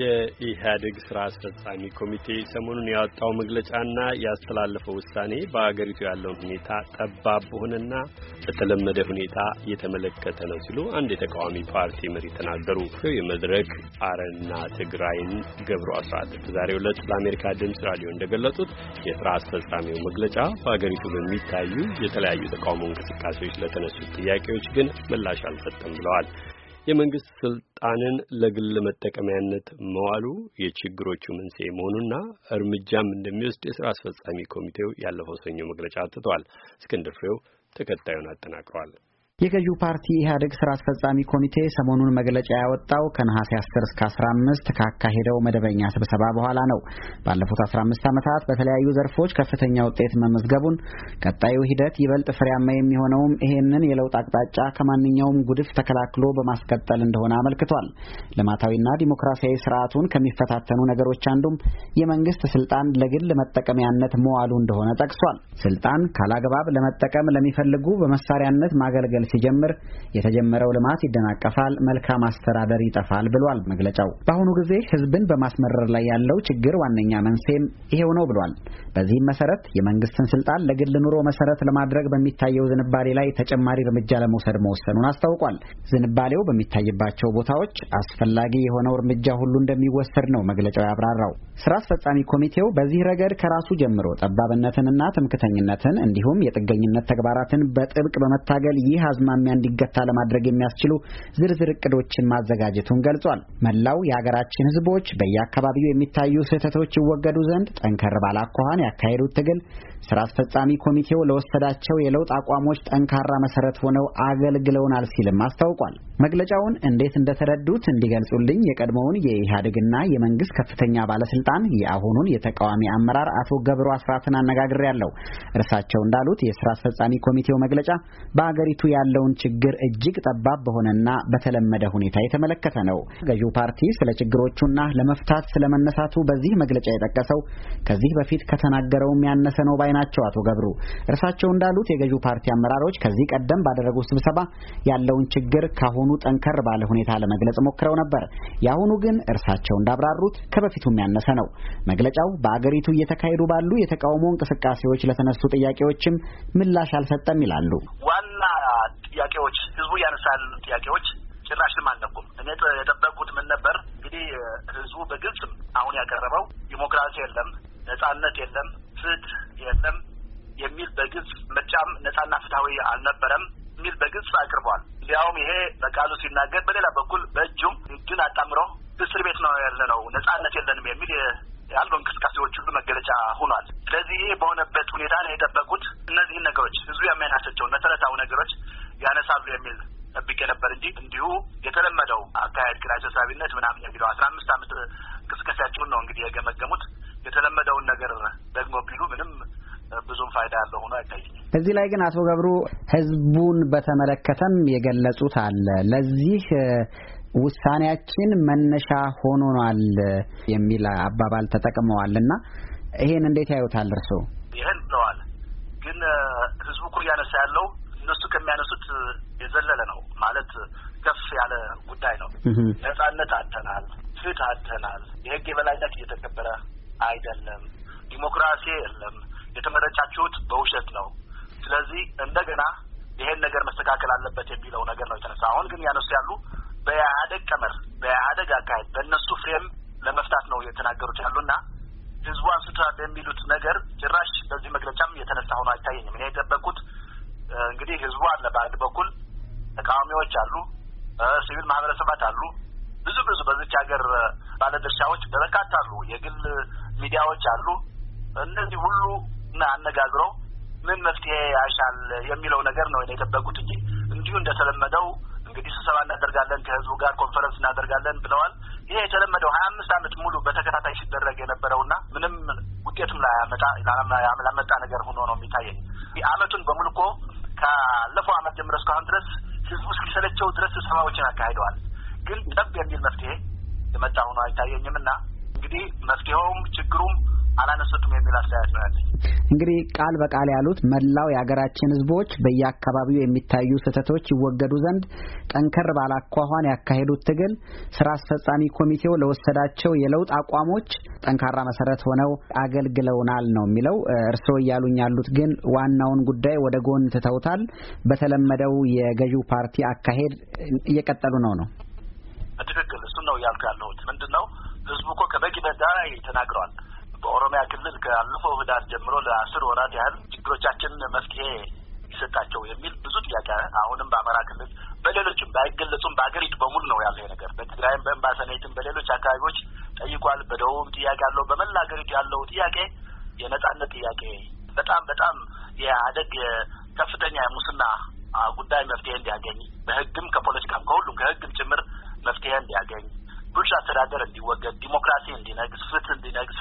የኢህአዴግ ስራ አስፈጻሚ ኮሚቴ ሰሞኑን ያወጣው መግለጫና ያስተላለፈው ውሳኔ በአገሪቱ ያለውን ሁኔታ ጠባብ በሆነና በተለመደ ሁኔታ የተመለከተ ነው ሲሉ አንድ የተቃዋሚ ፓርቲ መሪ ተናገሩ። የመድረክ አረና ትግራይን ገብሩ አስራት በዛሬው ዕለት ለአሜሪካ ድምፅ ራዲዮ እንደገለጹት የስራ አስፈጻሚው መግለጫ በአገሪቱ በሚታዩ የተለያዩ ተቃውሞ እንቅስቃሴዎች ለተነሱት ጥያቄዎች ግን ምላሽ አልሰጠም ብለዋል። የመንግስት ስልጣንን ለግል መጠቀሚያነት መዋሉ የችግሮቹ መንስኤ መሆኑና እርምጃም እንደሚወስድ የስራ አስፈጻሚ ኮሚቴው ያለፈው ሰኞ መግለጫ አትቷል። እስክንድር ፍሬው ተከታዩን አጠናቅሯል። የገዢው ፓርቲ ኢህአዴግ ስራ አስፈጻሚ ኮሚቴ ሰሞኑን መግለጫ ያወጣው ከነሐሴ 10 እስከ 15 ካካሄደው መደበኛ ስብሰባ በኋላ ነው። ባለፉት 15 ዓመታት በተለያዩ ዘርፎች ከፍተኛ ውጤት መመዝገቡን፣ ቀጣዩ ሂደት ይበልጥ ፍሬያማ የሚሆነውም ይሄንን የለውጥ አቅጣጫ ከማንኛውም ጉድፍ ተከላክሎ በማስቀጠል እንደሆነ አመልክቷል። ልማታዊና ዲሞክራሲያዊ ስርዓቱን ከሚፈታተኑ ነገሮች አንዱም የመንግስት ስልጣን ለግል መጠቀሚያነት መዋሉ እንደሆነ ጠቅሷል። ስልጣን ካላግባብ ለመጠቀም ለሚፈልጉ በመሳሪያነት ማገልገል ሲጀምር የተጀመረው ልማት ይደናቀፋል፣ መልካም አስተዳደር ይጠፋል ብሏል መግለጫው። በአሁኑ ጊዜ ህዝብን በማስመረር ላይ ያለው ችግር ዋነኛ መንስኤም ይሄው ነው ብሏል። በዚህም መሰረት የመንግስትን ስልጣን ለግል ኑሮ መሰረት ለማድረግ በሚታየው ዝንባሌ ላይ ተጨማሪ እርምጃ ለመውሰድ መወሰኑን አስታውቋል። ዝንባሌው በሚታይባቸው ቦታዎች አስፈላጊ የሆነው እርምጃ ሁሉ እንደሚወሰድ ነው መግለጫው ያብራራው። ስራ አስፈጻሚ ኮሚቴው በዚህ ረገድ ከራሱ ጀምሮ ጠባብነትንና ትምክተኝነትን እንዲሁም የጥገኝነት ተግባራትን በጥብቅ በመታገል ይህ አዝማሚያ እንዲገታ ለማድረግ የሚያስችሉ ዝርዝር እቅዶችን ማዘጋጀቱን ገልጿል። መላው የሀገራችን ህዝቦች በየአካባቢው የሚታዩ ስህተቶች ይወገዱ ዘንድ ጠንከር ባለ አኳኋን ያካሄዱት ትግል ስራ አስፈጻሚ ኮሚቴው ለወሰዳቸው የለውጥ አቋሞች ጠንካራ መሰረት ሆነው አገልግለውናል ሲልም አስታውቋል። መግለጫውን እንዴት እንደተረዱት እንዲገልጹልኝ የቀድሞውን የኢህአዴግና የመንግስት ከፍተኛ ባለስልጣን የአሁኑን የተቃዋሚ አመራር አቶ ገብሩ አስራትን አነጋግሬያለሁ። እርሳቸው እንዳሉት የስራ አስፈጻሚ ኮሚቴው መግለጫ በአገሪቱ ያለውን ችግር እጅግ ጠባብ በሆነና በተለመደ ሁኔታ የተመለከተ ነው። ገዢው ፓርቲ ስለ ችግሮቹና ለመፍታት ስለመነሳቱ በዚህ መግለጫ የጠቀሰው ከዚህ በፊት ከተናገረውም ያነሰ ነው ባይ ላይ ናቸው አቶ ገብሩ። እርሳቸው እንዳሉት የገዢው ፓርቲ አመራሮች ከዚህ ቀደም ባደረጉት ስብሰባ ያለውን ችግር ካሁኑ ጠንከር ባለ ሁኔታ ለመግለጽ ሞክረው ነበር። የአሁኑ ግን እርሳቸው እንዳብራሩት ከበፊቱ ያነሰ ነው። መግለጫው በአገሪቱ እየተካሄዱ ባሉ የተቃውሞ እንቅስቃሴዎች ለተነሱ ጥያቄዎችም ምላሽ አልሰጠም ይላሉ። ዋና ጥያቄዎች ህዝቡ ያነሳል ጥያቄዎች ጭራሽም አልነኩም። እኔ የጠበቁት ምን ነበር እንግዲህ ህዝቡ በግልጽ አሁን ያቀረበው ዲሞክራሲ የለም፣ ነጻነት የለም፣ ፍትህ የለም የሚል በግልጽ ምርጫም ነጻና ፍትሐዊ አልነበረም የሚል በግልጽ አቅርቧል። ሊያውም ይሄ በቃሉ ሲናገር፣ በሌላ በኩል በእጁም እጁን አጣምሮ እስር ቤት ነው ያለ ነው ነጻነት የለንም የሚል ያሉ እንቅስቃሴዎች ሁሉ መገለጫ ሆኗል። ስለዚህ ይህ በሆነበት ሁኔታ ነው የጠበቁት እነዚህን ነገሮች ህዝቡ የሚያናሳቸውን መሰረታዊ ነገሮች ያነሳሉ የሚል ጠብቄ ነበር እንጂ እንዲሁ የተለመደው አካሄድ ኪራይ ምናምን የሚለው አስራ አምስት አመት እንቅስቃሴያቸውን ነው እንግዲህ የገመገሙት። የተለመደውን ነገር ደግሞ ቢሉ ምንም ብዙም ፋይዳ ያለው ሆኖ አይታይም። እዚህ ላይ ግን አቶ ገብሩ ህዝቡን በተመለከተም የገለጹት አለ ለዚህ ውሳኔያችን መነሻ ሆኖናል የሚል አባባል ተጠቅመዋል እና ይሄን እንዴት ያዩታል እርስዎ? ይህን ብለዋል። ግን ህዝቡ እኮ እያነሳ ያለው እነሱ ከሚያነሱት የዘለለ ነው ማለት ከፍ ያለ ጉዳይ ነው። ነጻነት አተናል፣ ፍትህ አተናል፣ የህግ የበላይነት እየተከበረ አይደለም። ዲሞክራሲ የለም። የተመረጫችሁት በውሸት ነው። ስለዚህ እንደገና ይሄን ነገር መስተካከል አለበት የሚለው ነገር ነው የተነሳ። አሁን ግን ያነሱ ያሉ በኢህአደግ ቀመር፣ በኢህአደግ አካሄድ፣ በእነሱ ፍሬም ለመፍታት ነው የተናገሩት ያሉና ህዝቡ አንስቷል የሚሉት ነገር ጭራሽ በዚህ መግለጫም የተነሳ ሆኖ አይታየኝም። እኔ የጠበቅኩት እንግዲህ ህዝቡ አለ፣ በአንድ በኩል ተቃዋሚዎች አሉ፣ ሲቪል ማህበረሰባት አሉ፣ ብዙ ብዙ በዚች ሀገር ባለድርሻዎች በበርካታ አሉ፣ የግል ሚዲያዎች አሉ። እነዚህ ሁሉ እና አነጋግረው ምን መፍትሄ ያሻል የሚለው ነገር ነው የጠበቁት እንጂ እንዲሁ እንደተለመደው እንግዲህ ስብሰባ እናደርጋለን ከህዝቡ ጋር ኮንፈረንስ እናደርጋለን ብለዋል። ይሄ የተለመደው ሀያ አምስት አመት ሙሉ በተከታታይ ሲደረግ የነበረውና ምንም ውጤትም ላመጣ ነገር ሆኖ ነው የሚታየኝ። አመቱን በሙሉ እኮ ካለፈው ዓመት ጀምሮ እስካሁን ድረስ ህዝቡ እስኪሰለቸው ድረስ ስብሰባዎችን አካሂደዋል። ግን ጠብ የሚል መፍትሄ የመጣ ሆኖ አይታየኝም እና እንግዲህ መፍትሄውም ችግሩም አላነሰቱም የሚል አስተያየት ነው ያለኝ። እንግዲህ ቃል በቃል ያሉት መላው የሀገራችን ህዝቦች በየአካባቢው የሚታዩ ስህተቶች ይወገዱ ዘንድ ጠንከር ባላኳኋን ያካሄዱት ትግል ስራ አስፈጻሚ ኮሚቴው ለወሰዳቸው የለውጥ አቋሞች ጠንካራ መሰረት ሆነው አገልግለውናል ነው የሚለው። እርስዎ እያሉኝ ያሉት ግን ዋናውን ጉዳይ ወደ ጎን ትተውታል። በተለመደው የገዢው ፓርቲ አካሄድ እየቀጠሉ ነው ነው ትክክል። ህዝቡ እኮ ከበቂ ዳራ ተናግረዋል። በኦሮሚያ ክልል ካለፈው ህዳር ጀምሮ ለአስር ወራት ያህል ችግሮቻችን መፍትሄ ይሰጣቸው የሚል ብዙ ጥያቄ አሁንም በአማራ ክልል በሌሎችም ባይገለጹም በሀገሪቱ በሙሉ ነው ያለ ነገር። በትግራይም በእምባሰኔትም በሌሎች አካባቢዎች ጠይቋል። በደቡብም ጥያቄ አለው። በመላ ሀገሪቱ ያለው ጥያቄ የነጻነት ጥያቄ በጣም በጣም የአደግ ከፍተኛ የሙስና ጉዳይ መፍትሄ እንዲያገኝ በህግም ከፖለቲካም ከሁሉም ከህግም ጭምር መፍትሄ እንዲያገኝ ብልሹ አስተዳደር እንዲወገድ፣ ዲሞክራሲ እንዲነግስ፣ ፍትህ እንዲነግስ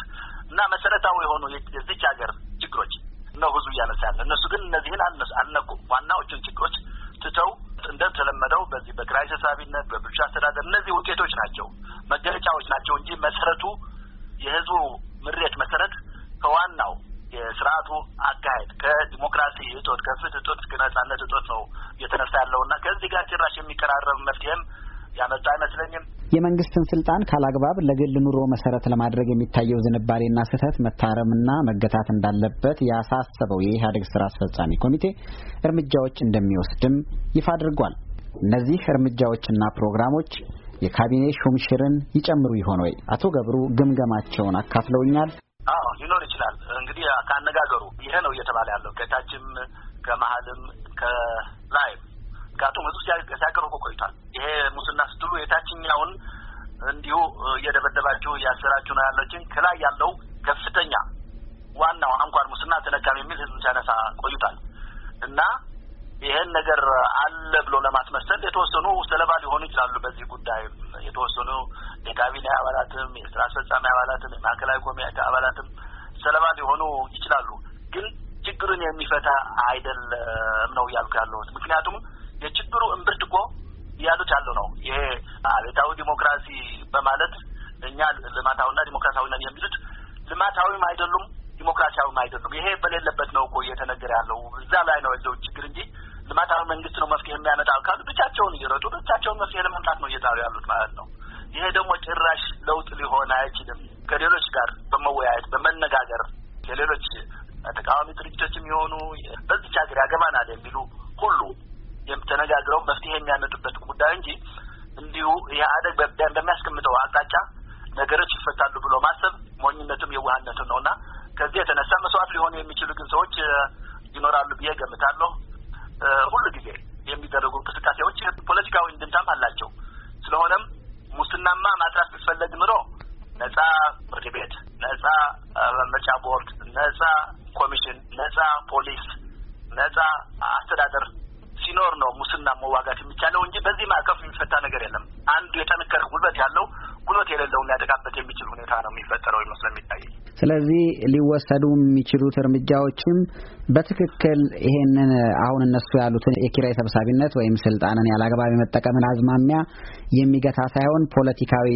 እና መሰረታዊ የሆኑ የዚች ሀገር ችግሮች ነው ህዝቡ እያነሳ ያለ። እነሱ ግን እነዚህን አልነኩም ዋናዎቹን ችግሮች ትተው እንደተለመደው በዚህ በኪራይ ሰብሳቢነት፣ በብልሹ አስተዳደር እነዚህ ውጤቶች ናቸው መገለጫዎች ናቸው እንጂ መሰረቱ የህዝቡ ምሬት መሰረት ከዋናው የስርዓቱ አካሄድ ከዲሞክራሲ እጦት፣ ከፍትህ እጦት፣ ነጻነት እጦት ነው እየተነሳ ያለውና ከዚህ ጋር ጭራሽ የሚቀራረብ መፍትሄም ያመጣ አይመስለኝም። የመንግስትን ስልጣን ካላግባብ ለግል ኑሮ መሰረት ለማድረግ የሚታየው ዝንባሌና ስህተት መታረምና መገታት እንዳለበት ያሳሰበው የኢህአዴግ ስራ አስፈጻሚ ኮሚቴ እርምጃዎች እንደሚወስድም ይፋ አድርጓል። እነዚህ እርምጃዎችና ፕሮግራሞች የካቢኔ ሹምሽርን ይጨምሩ ይሆን ወይ? አቶ ገብሩ ግምገማቸውን አካፍለውኛል። አዎ ሊኖር ይችላል። እንግዲህ ከአነጋገሩ ይሄ ነው እየተባለ ያለው ከታችም ከመሀልም ከላይም ጋጡ መጡ ሲያቀርቡ ቆይቷል። ይሄ ሙስና ስትሉ የታችኛውን እንዲሁ እየደበደባችሁ እያሰራችሁ ነው ያለችን ከላይ ያለው ከፍተኛ ዋናው አንኳር ሙስና ተነካም የሚል ህዝብ ሲያነሳ ቆይቷል እና ይሄን ነገር አለ ብሎ ለማስመሰል የተወሰኑ ሰለባ ሊሆኑ ይችላሉ። በዚህ ጉዳይ የተወሰኑ የካቢኔ አባላትም የስራ አስፈጻሚ አባላትም የማዕከላዊ ኮሚቴ አባላትም ሰለባ ሊሆኑ ይችላሉ። ግን ችግርን የሚፈታ አይደለም ነው እያልኩ ያለሁት ምክንያቱም የችግሩ እምብርት እኮ እያሉት ያለው ነው። ይሄ አቤታዊ ዲሞክራሲ በማለት እኛ ልማታዊና ዲሞክራሲያዊ ነን የሚሉት ልማታዊም አይደሉም ዲሞክራሲያዊም አይደሉም። ይሄ በሌለበት ነው እኮ እየተነገረ ያለው። እዛ ላይ ነው ያለው ችግር እንጂ ልማታዊ መንግስት ነው መፍትሄ የሚያመጣው ካሉ ብቻቸውን እየረጡ ብቻቸውን መፍትሄ ለመምጣት ነው እየጣሩ ያሉት ማለት ነው። ይሄ ደግሞ ጭራሽ ለውጥ ሊሆን አይችልም። ከሌሎች ጋር በመወያየት በመነጋገር የሌሎች ተቃዋሚ ድርጅቶች የሚሆኑ በዚች ሀገር ያገባናል የሚሉ ሁሉ ተነጋግረው መፍትሄ የሚያመጡበት ጉዳይ እንጂ እንዲሁ ኢህአዴግ በሚያስቀምጠው አቅጣጫ ነገሮች ይፈታሉ ብሎ ማሰብ ሞኝነቱም የዋህነቱም ነው እና ከዚህ የተነሳ መስዋዕት ሊሆኑ የሚችሉ ግን ሰዎች ይኖራሉ ብዬ ገምታለሁ። ሁሉ ጊዜ የሚደረጉ እንቅስቃሴዎች ፖለቲካዊ እንድምታም አላቸው። ስለሆነም ሙስናማ ማጥራት ቢፈለግ ምሮ ነጻ ፍርድ ቤት፣ ነጻ ምርጫ ቦርድ፣ ነጻ ኮሚሽን፣ ነጻ ፖሊስ፣ ነጻ አስተዳደር ሲኖር ነው ሙስና መዋጋት የሚቻለው እንጂ በዚህ ማዕቀፍ የሚፈታ ነገር የለም። አንዱ የጠንከር ጉልበት ያለው ጉልበት የሌለው ሊያጠቃበት የሚችል ሁኔታ ነው የሚፈጠረው ይመስለ የሚታይ። ስለዚህ ሊወሰዱ የሚችሉት እርምጃዎችም በትክክል ይሄንን አሁን እነሱ ያሉትን የኪራይ ሰብሳቢነት ወይም ስልጣንን ያላግባብ የመጠቀምን አዝማሚያ የሚገታ ሳይሆን ፖለቲካዊ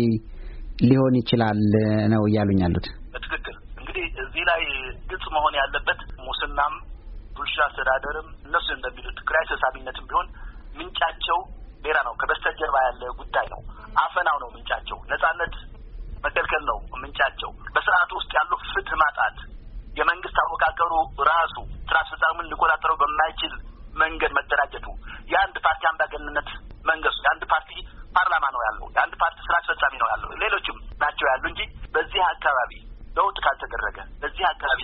ሊሆን ይችላል ነው እያሉኝ ያሉት። በትክክል እንግዲህ እዚህ ላይ ግልጽ መሆን ያለ የኮሚሽን አስተዳደርም እነሱ እንደሚሉት ትግራይ ተሳቢነትም ቢሆን ምንጫቸው ሌላ ነው። ከበስተጀርባ ያለ ጉዳይ ነው። አፈናው ነው ምንጫቸው። ነጻነት መከልከል ነው ምንጫቸው። በስርዓቱ ውስጥ ያሉ ፍትህ ማጣት፣ የመንግስት አወቃቀሩ ራሱ ስራ አስፈጻሚውን ሊቆጣጠረው በማይችል መንገድ መደራጀቱ፣ የአንድ ፓርቲ አምባገንነት መንገሱ፣ የአንድ ፓርቲ ፓርላማ ነው ያለው፣ የአንድ ፓርቲ ስራ አስፈጻሚ ነው ያለው፣ ሌሎችም ናቸው ያሉ እንጂ በዚህ አካባቢ ለውጥ ካልተደረገ በዚህ አካባቢ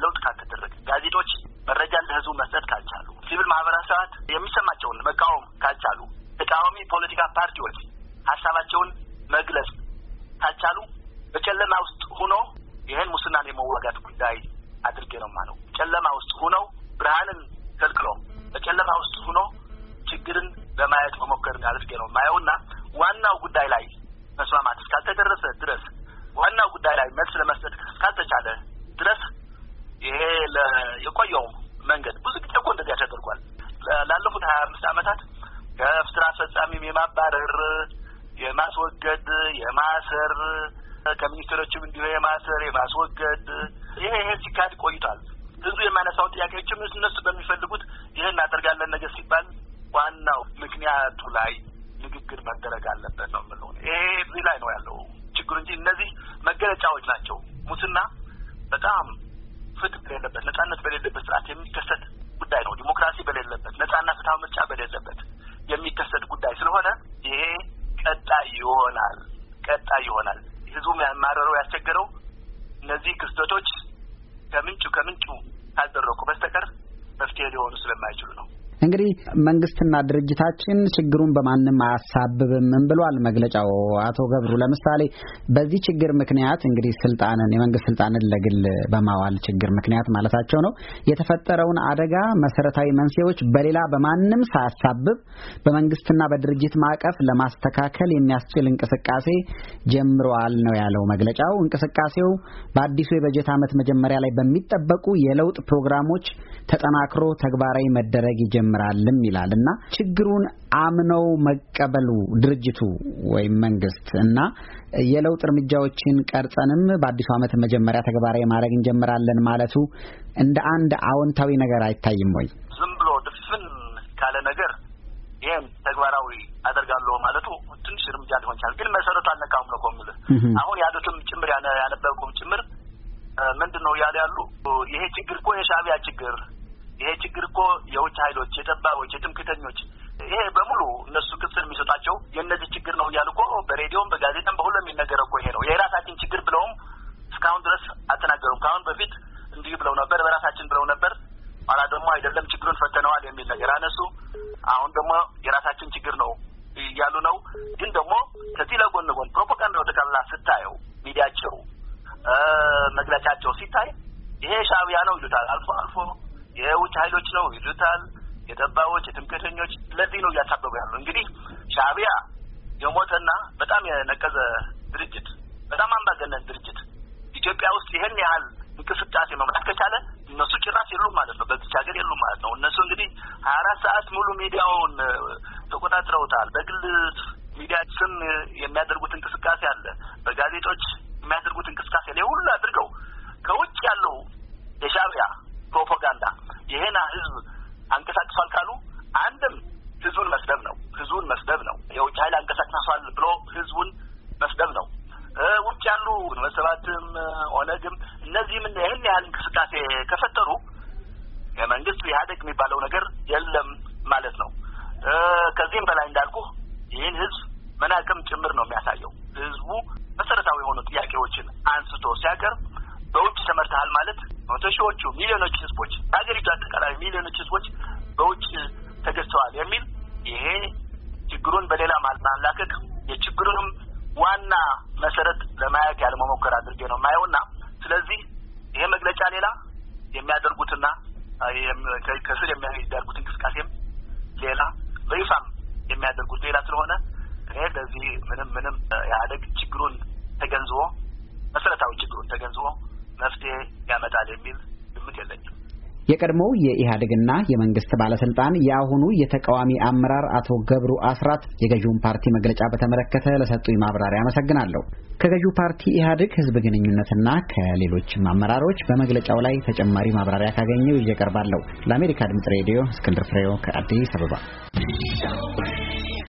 አድርጌ ነው የማየው እና ዋናው ጉዳይ ላይ መስማማት እስካልተደረሰ ድረስ ዋናው ጉዳይ ላይ መልስ ለመስጠት እስካልተቻለ ድረስ ይሄ የቆየው መንገድ ብዙ ጊዜ እኮ እንደዚያ ተደርጓል። ላለፉት ሀያ አምስት ዓመታት ከስራ አስፈጻሚም የማባረር የማስወገድ፣ የማሰር ከሚኒስትሮችም እንዲሁ የማሰር የማስወገድ ይሄ ይሄ ሲካሄድ ቆይቷል። ህዝቡ የማነሳውን ጥያቄዎችም እነሱ በሚፈልጉ ይሆናል። ህዝቡ ያማረረው ያስቸገረው እነዚህ ክስተቶች ከምንጩ ከምንጩ ካልደረቁ በስተቀር መፍትሄ ሊሆኑ ስለማይችሉ ነው። እንግዲህ መንግስትና ድርጅታችን ችግሩን በማንም አያሳብብም ብሏል መግለጫው። አቶ ገብሩ ለምሳሌ በዚህ ችግር ምክንያት እንግዲህ ስልጣንን የመንግስት ስልጣንን ለግል በማዋል ችግር ምክንያት ማለታቸው ነው የተፈጠረውን አደጋ መሰረታዊ መንስኤዎች በሌላ በማንም ሳያሳብብ በመንግስትና በድርጅት ማዕቀፍ ለማስተካከል የሚያስችል እንቅስቃሴ ጀምረዋል ነው ያለው መግለጫው። እንቅስቃሴው በአዲሱ የበጀት ዓመት መጀመሪያ ላይ በሚጠበቁ የለውጥ ፕሮግራሞች ተጠናክሮ ተግባራዊ መደረግ ይጀምራል ይጀምራልም ይላል እና ችግሩን አምነው መቀበሉ ድርጅቱ ወይም መንግስት እና የለውጥ እርምጃዎችን ቀርጸንም በአዲሱ ዓመት መጀመሪያ ተግባራዊ ማድረግ እንጀምራለን ማለቱ እንደ አንድ አዎንታዊ ነገር አይታይም ወይ? ዝም ብሎ ድፍን ካለ ነገር ይህን ተግባራዊ አደርጋለሁ ማለቱ ትንሽ እርምጃ ሊሆን ይችላል፣ ግን መሰረቱ አልነካሁም ነው ምል አሁን ያሉትም ጭምር ያነበብኩም ጭምር ምንድን ነው እያሉ ያሉ ይሄ ችግር እኮ የሻቢያ ችግር ይሄ ችግር እኮ የውጭ ኃይሎች፣ የጠባቦች፣ የትምክተኞች ይሄ በሙሉ እነሱ ቅጽል የሚሰጣቸው የእነዚህ ችግር ነው እያሉ እኮ በሬዲዮም በጋዜጣም በሁሉ የሚነገረው እኮ ይሄ ነው። የራሳችን ችግር ብለውም እስካሁን ድረስ አልተናገሩም። ከአሁን በፊት እንዲህ ብለው ነበር፣ በራሳችን ብለው ነበር። ኋላ ደግሞ አይደለም ችግሩን ፈተነዋል የሚል ነገር አነሱ። አሁን ደግሞ የራሳችን ችግር ነው እያሉ ነው። ግን ደግሞ ከዚህ ለጎን ጎን ፕሮፓጋንዳው ጠቅላላ ስታየው ሚዲያቸው መግለጫቸው ሲታይ ይሄ ሻዕቢያ ነው ይሉታል አልፎ አልፎ የውጭ ኃይሎች ነው ይሉታል፣ የጠባዎች የትምክተኞች ለዚህ ነው እያሳበቡ ያሉ። እንግዲህ ሻቢያ የሞተና በጣም የነቀዘ ድርጅት፣ በጣም አምባገነን ድርጅት ኢትዮጵያ ውስጥ ይህን ያህል እንቅስቃሴ መምራት ከቻለ እነሱ ጭራሽ የሉም ማለት ነው። በዚች ሀገር የሉም ማለት ነው። እነሱ እንግዲህ ሀያ አራት ሰዓት ሙሉ ሚዲያውን ተቆጣጥረውታል። በግል ሚዲያ ስም የሚያደርጉት እንቅስቃሴ አለ፣ በጋዜጦች የሚያደርጉት እንቅስቃሴ ላይ de renascimento ያላቸው ሚሊዮኖች ህዝቦች ሀገሪቱ አጠቃላይ ሚሊዮኖች ህዝቦች በውጭ ተገዝተዋል የሚል ይሄ ችግሩን በሌላ ማላከክ የችግሩንም ዋና መሰረት ለማየት ያለመሞከር አድርጌ ነው ማየውና ስለዚህ ይሄ መግለጫ ሌላ የሚያደርጉትና ከስር የሚያደርጉት እንቅስቃሴም ሌላ በይፋም የሚያደርጉት ሌላ ስለሆነ እኔ ለዚህ ምንም ምንም ኢህአዴግ ችግሩን ተገንዝቦ መሰረታዊ ችግሩን ተገንዝቦ መፍትሄ ያመጣል የሚል አይደለችም። የቀድሞው የኢህአዴግና የመንግስት ባለስልጣን የአሁኑ የተቃዋሚ አመራር አቶ ገብሩ አስራት የገዢውን ፓርቲ መግለጫ በተመለከተ ለሰጡኝ ማብራሪያ አመሰግናለሁ። ከገዢው ፓርቲ ኢህአዴግ ህዝብ ግንኙነትና ከሌሎችም አመራሮች በመግለጫው ላይ ተጨማሪ ማብራሪያ ካገኘው ይዤ ለአሜሪካ ድምጽ ሬዲዮ እስክንድር ፍሬው ከአዲስ አበባ